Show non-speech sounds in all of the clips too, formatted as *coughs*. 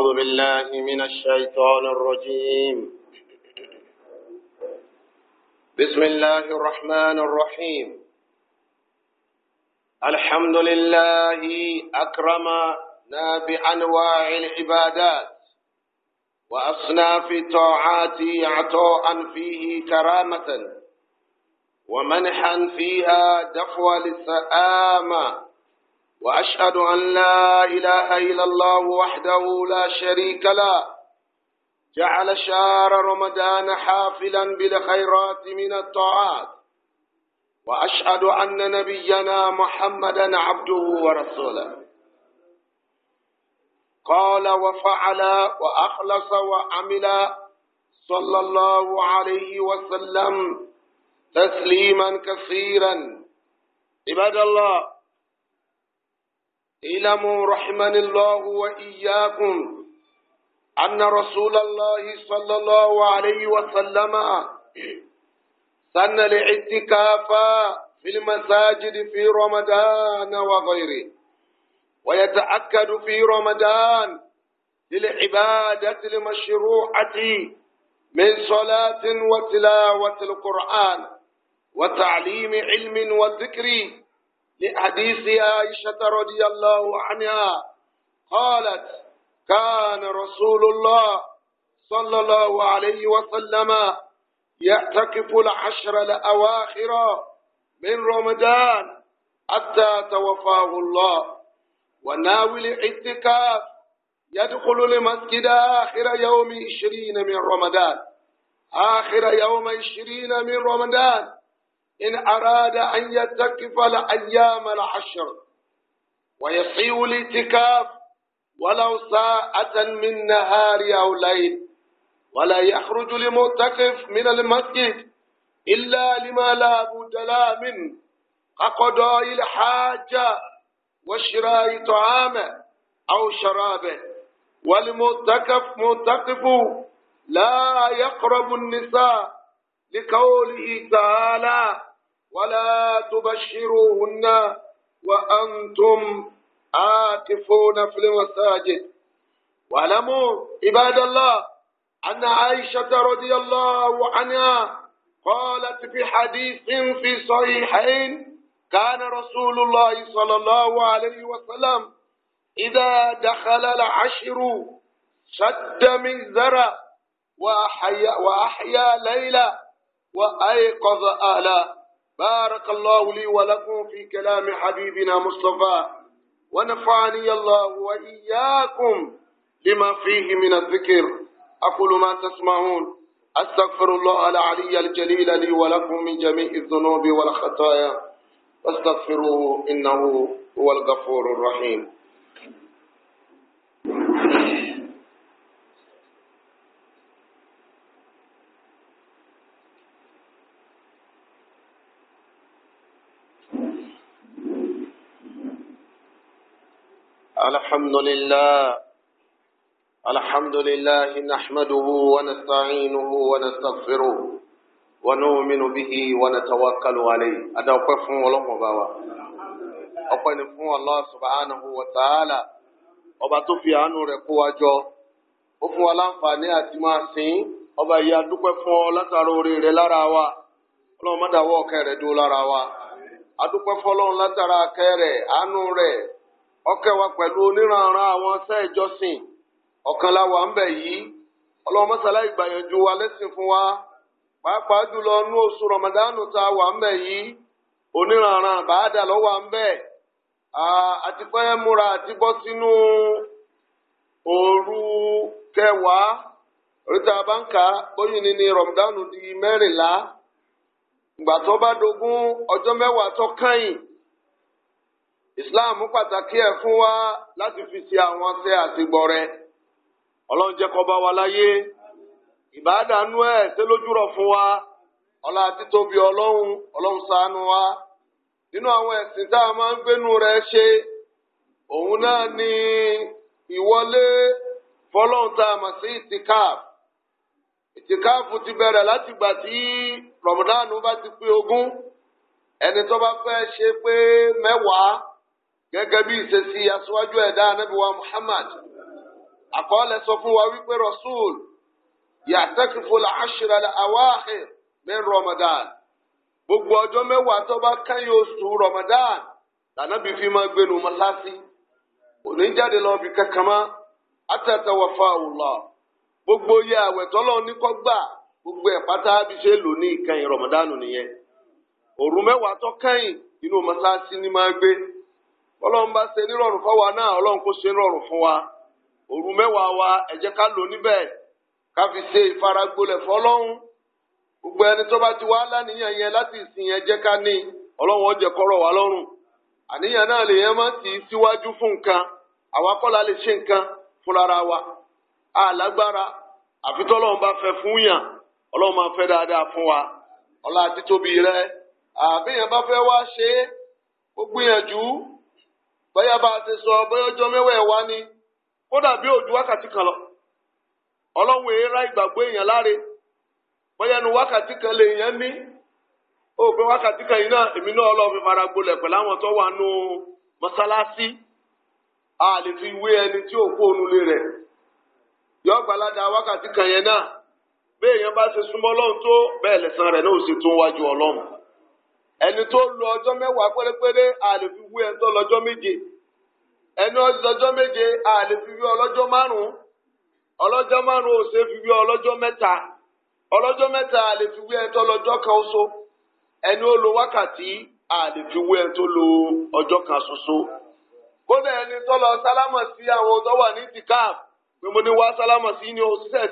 أعوذ بالله من الشيطان الرجيم بسم الله الرحمن الرحيم الحمد لله أكرمنا بأنواع العبادات وأصناف الطاعات عطاء فيه كرامة ومنحا فيها دفوة للسآمة وأشهد أن لا إله إلا الله وحده لا شريك له جعل شهر رمضان حافلا بالخيرات من الطاعات وأشهد أن نبينا محمدا عبده ورسوله قال وفعل وأخلص وعمل صلى الله عليه وسلم تسليما كثيرا عباد الله اعلموا رحمن الله وإياكم أن رسول الله صلى الله عليه وسلم *coughs* سن الاعتكاف في المساجد في رمضان وغيره ويتأكد في رمضان للعبادة المشروعة من صلاة وتلاوة القرآن وتعليم علم وذكر لحديث عائشة رضي الله عنها قالت كان رسول الله صلى الله عليه وسلم يعتكف العشر الأواخر من رمضان حتى توفاه الله وناوي الاعتكاف يدخل المسجد آخر يوم عشرين من رمضان آخر يوم عشرين من رمضان إن أراد أن يتكف الأيام العشر ويصيب الاعتكاف ولو ساعة من نهار أو ليل ولا يخرج لمعتكف من المسجد إلا لما لا بد له من كقضاء الحاجة وشراء طعامه أو شرابه والمعتكف معتكف لا يقرب النساء لقوله تعالى ولا تبشروهن وأنتم عاكفون في المساجد واعلموا عباد الله أن عائشة رضي الله عنها قالت في حديث في صحيحين كان رسول الله صلى الله عليه وسلم إذا دخل العشر شد من ذرة وأحيا, وأحيا ليلة وأيقظ أهلا بارك الله لي ولكم في كلام حبيبنا مصطفى ونفعني الله وإياكم لما فيه من الذكر أقول ما تسمعون أستغفر الله العلي الجليل لي ولكم من جميع الذنوب والخطايا فاستغفروه إنه هو الغفور الرحيم الحمد لله الحمد لله نحمده ونستعينه ونستغفره ونؤمن به ونتوكل عليه ada ọpẹ́ fún Ọlọ́run ọba wa ọpẹ́ ni fún Allah subhanahu wataala ọba tó fi àánú rẹ̀ jọ ó fún wa láǹfààní a dúpẹ́ fún ọ látara oore rẹ̀ lára ọkẹ́ wa pẹ̀lú oníranran àwọn ṣẹ́ ìjọsìn ọ̀kan la wà yìí ọlọ́run mọ́sálá ìgbàyànjú wa lẹ́sìn fún wa pàápàá jùlọ ní oṣù rọmọdánù tá a wà ń yìí oníranran àbáàdà wà ń múra àti bọ́ sínú òru kẹwàá oríta ni rọmọdánù di mẹ́rìnlá ìgbà tó bá ọjọ́ islam pàtàkì ẹ̀ fún wa láti fi ṣe àwọn ṣe àtìgbọ̀rẹ́ ọlọ́run jẹ́ kó bá wa láyé ìbádàánú ẹ̀ ṣe lójúrọ̀ fún wa ọlá títóbi ọlọ́run ọlọ́run ṣàánú wa nínú àwọn ẹ̀sìn tá a máa ń gbénu rẹ̀ ṣe òun náà ni ìwọlé fọlọ́run tá a mọ̀ sí ìtìkáf ìtìkáf ti bẹ̀rẹ̀ láti gbà tí rọ̀mọ̀dánù bá ti pé ogún ẹni tó bá fẹ́ ṣe pé mẹ́wàá. gẹ́gẹ́ bí ìṣesí aṣíwájú ẹ̀dá Muhammad àkọọ́lẹ̀ sọ fún wa wípé rasul yàtẹ́kìfò làásìrà àwáhìn Ramadan gbogbo ọjọ mẹ́wàá tó bá kẹ́yìn oṣù Ramadan lànàbí fi máa gbénu mọ́sáàsì òní lọ bí kankan mọ́ gbogbo yẹ àwẹ̀ tọ́lọ́ gbogbo ẹ̀ bí ṣe lò Ramadan nìyẹn òru tó inú ni máa gbé. ọlọ́run bá ṣe nírọ̀rùn fáwa náà ọlọ́run kó ṣe nírọ̀rùn fún wa òru mẹ́wàá wa ẹ jẹ́ ká lò níbẹ̀ ká fi ṣe ìfaragbolẹ̀ fọlọ́run gbogbo ẹni tó bá ti wá lánìyàn yẹn láti ìsìn yẹn jẹ́ ká ní ọlọ́run ó jẹ́ kọ́rọ̀ wá àníyàn náà lè yẹn máa tì síwájú fún nǹkan àwa kọ́ lè ṣe nǹkan fúnra wa àlágbára àfi tọ́lọ́run bá fẹ́ fún yàn ọlọ́run máa fẹ́ dáadáa fún wa ọlá títóbi rẹ àbí bá fẹ́ wá ṣe é ó gbìyànjú bóyá bá a ti sọ bóyá ọjọ́ mẹ́wàá wá ní kódà bí òdu wákàtí kan lọ ọlọ́run èèrà ìgbàgbọ́ èèyàn láre bóyá nu wákàtí kan lè yẹn ní ó pé wákàtí kan yìí náà èmi náà ọlọ́run fi fara gbolẹ̀ pẹ̀lú àwọn tó wà nù mọ́sálásí a lè fi wé ẹni tí ò kó onú lé rẹ̀ yọ gbalada wákàtí kan yẹn náà bí èèyàn bá ṣe súnmọ́ ọlọ́run tó bẹ́ẹ̀ lẹ̀san rẹ̀ náà ò sì tún wájú ọlọ́run. ẹni tó ọjọ ọjọ́ mẹ́wàá pérépéré a lè fi wú ẹni tó lọ́jọ́ méje ẹni ọjọ́ méje a fi wí ọlọ́jọ́ márùn-ún ọlọ́jọ́ márùn fi wí ọlọ́jọ́ mẹ́ta ọlọ́jọ́ mẹ́ta a fi wí ẹni tó lọ́jọ́ kan ṣoṣo ẹni ó wákàtí a lè fi ẹni tó lò ọjọ́ kan ṣoṣo kódà ẹni tó lọ sí àwọn tó wà ní pé mo ní wá sí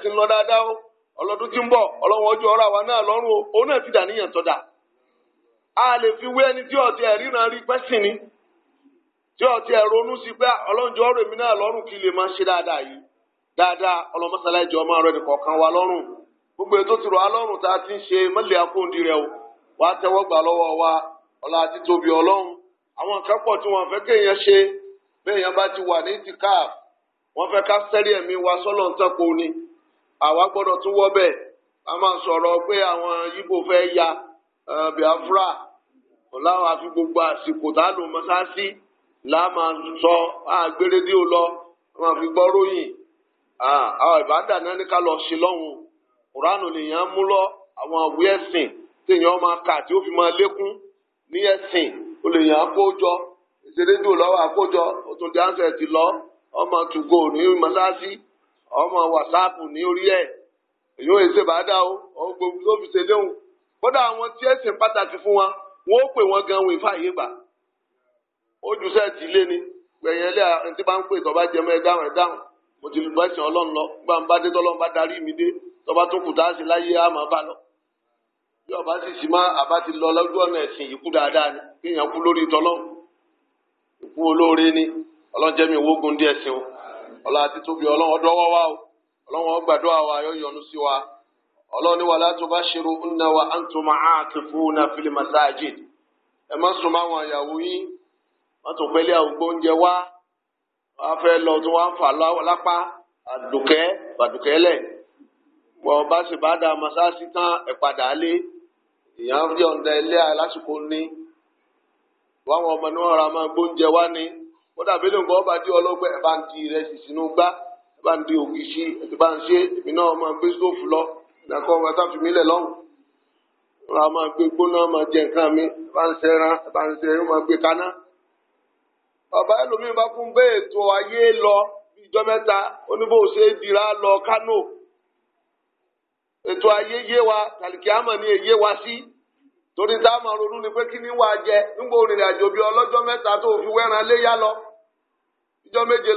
ti ń lọ dáadáa o ọlọ́dún tí ń bọ̀ ọlọ́wọ́n ojú ọ̀rọ̀ àwa náà lọ́rùn òun náà ti dà níyàn tó a lè fi wé ẹni tí ọtí ẹ ríran rí pẹ́ sí ni tí ọtí ẹ ronú sí pé ah, ọlọ́njọ́ ọ̀rọ̀ èmi náà lọ́rùn kí lè máa ṣe dáadáa yìí dáadáa ọlọ́mọsálá ìjọ máa rẹ nìkọ̀ọ̀kan wa lọ́rùn gbogbo ètò tí rọ̀ alọ́rùn tá a ti ń ṣe mọ́lẹ̀ akóńdì rẹ o wàá tẹ́wọ́ gbà lọ́wọ́ wa ọlá àti tóbi ọlọ́run àwọn nǹkan pọ̀ tí wọ́n fẹ́ kéèyàn ṣe béèyàn bá ti wà ní tìkáàf wọ́n fẹ́ ká sẹ́rí ẹ̀mí wa sọ́lọ̀ ń tẹ́kọ̀ ni àwa gbọ́dọ̀ tún wọ́ bẹ́ẹ̀ a máa sọ̀rọ̀ pé àwọn yíbò fẹ́ ya eh, Biafra ọláwà fi gbogbo àsìkò tá a lò mọ́sáàsì là máa sọ àgbérédé ó lọ máa fi gbọ́ ròyìn àwọn ìbàdàn náà ní ká lọ sí lọ́hùn kùránù lèèyàn mú lọ àwọn àwé ẹ̀sìn téèyàn máa kà tí ó fi máa lékún ní ẹ̀sìn ó lèèyàn kójọ ìṣèlédò lọ́wọ́ àkójọ ó tún di ansẹ̀ ti lọ ọmọ tùgò ní mọ́sáàsì ọmọ wàsáàpù ní orí ẹ̀ èyí ò ṣe bàdá o ọgbọ̀n tó fi ṣe léhùn kódà àwọn tí ẹ̀sìn pàtàkì fún wọn wọ́n ó pè wọ́n gan wọ́n ìfà yé gbà ó ju sẹ́ẹ̀tì ilé ni gbẹ̀yìn ẹlẹ́yà ẹni tí bá ń pè tọ́ba jẹmọ́ ẹ dáhùn ẹ dáhùn mo ti lùgbọ́ ẹ̀sìn ọlọ́run lọ gbà ń bá dé tọ́lọ́run bá darí mi dé tọ́ba tó kù tá a ṣe láyé á máa bá lọ. bí ọba sì sì máa àbá ti lọ lójú ọ̀nà ẹ̀sìn yìí kú dáadáa ni kéèyàn kú lórí tọ́lọ́run ìkú olóore ni ọlọ́jẹ́mi ìwógun díẹ̀ sí o ọlọ́ àti tóbi ọlọ́run ọdọ́wọ́ wa o ọlọ́run ọgbàdo àwa yóò yọ́nú sí wa ọlọ́ni wà látò bá ṣerú ńnà wa á ń tó máa ti fún un fil masajid ẹ má sùn máa wọn àyàwó yín má tó pẹ́lẹ́ àwùgbọ́ oúnjẹ wá wàá fẹ́ lọ tó wá ń fà lápá àdùkẹ́ bàdùkẹ́lẹ̀ pọ̀ bá sì bá da masáàsì tán ẹ̀ padà lé ìyàn fi ọ̀ǹda ilé lásìkò ní wáwọn ọmọ ní wọn ra máa gbóúnjẹ wá ní kódà bí lóun bọ́ bá dé ọlọ́gbẹ́ ẹ̀ bá ń di ìrẹsì sínú gbá ẹ̀ bá ń di òkìṣí ẹ̀ bá ń ṣe èmi náà gbé sóòfù lọ. dàkọ wọn sá fi mí lẹ lọ́hùn ra máa gbé gbóná máa jẹ nǹkan mi bá ń ṣe ran bá ń ṣe gbé kaná bàbá ẹlòmíín bá fún bẹ́ẹ̀ ayé lọ ìjọ mẹ́ta oníbò ṣe dira lọ Kánò ètò ayé yé wa kàlìkì ni èyé wa sí torí táwọn ronú ni pé kí ni wàá jẹ nígbà àjò bíi ọlọ́jọ́ mẹ́ta tó fi wẹ́ran lọ ìjọ méje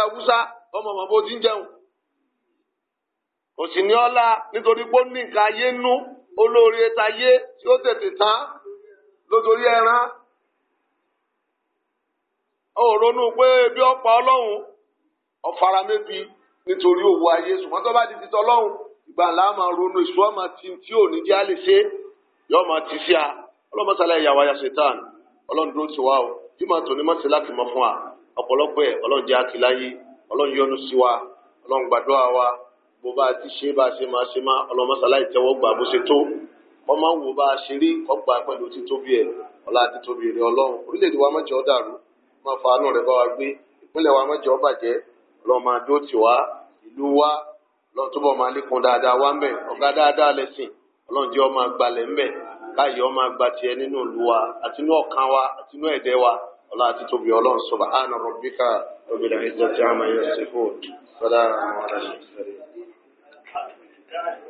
Haúsá ọmọ màmá bó ti ń jẹun òsì ní ọlá nítorí pé ó ní nǹkan ayé nú olóore tayé tí ó tètè tán lójorí ẹran ó ronú pé bí ọ̀pá ọlọ́run ọ̀fara mébi nítorí òwò ayé ṣùgbọ́n tó bá di titọ́ ọlọ́run ìgbà ńlá máa ronú ìṣú ọmọ tí tí ò ní jẹ́ àlè ṣe yọ ọmọ tí sí a ọlọ́run ìyàwó ayá ṣetán ọlọ́run dúró ti wá o bí màá tòun ní màá láti mọ fún wa ọ̀pọ̀lọpọ̀ ẹ̀ ọlọ́run jẹ́ àkìláyé ọlọ́run yọ́nú sí wa ọlọ́run gbàdúrà wa bó bá ti ṣe bá ṣe máa ṣe máa ọlọmọsálá ìtẹ́wọ́ gbà bó ṣe tó wọn máa ń wò bá a ṣe rí ọgbà pẹ̀lú títóbi ẹ ọlá títóbi rẹ Ọlọ́run orílẹ̀-èdè wa mọjọ dàrú máa fa àánú rẹ bá wa gbé ìpínlẹ̀ wa mọjọ bàjẹ́ Ọlọ́run máa dó tì wá ìlú wa Ọlọ́run túbọ̀ máa lékun dáadáa wá mbẹ ọ̀gá dáadáa lẹ́sìn Ọlọ́run jẹ́ ọmọ àgbàlẹ̀ mbẹ káyọ ọmọ àgbà tiẹ̀ nínú ìlú wa àtinú ọkàn wa àtinú ẹ̀dẹ̀ wa ọlá títóbi Ọlọ́run subhana rabbika rabbil izzati amma yasifun Yeah.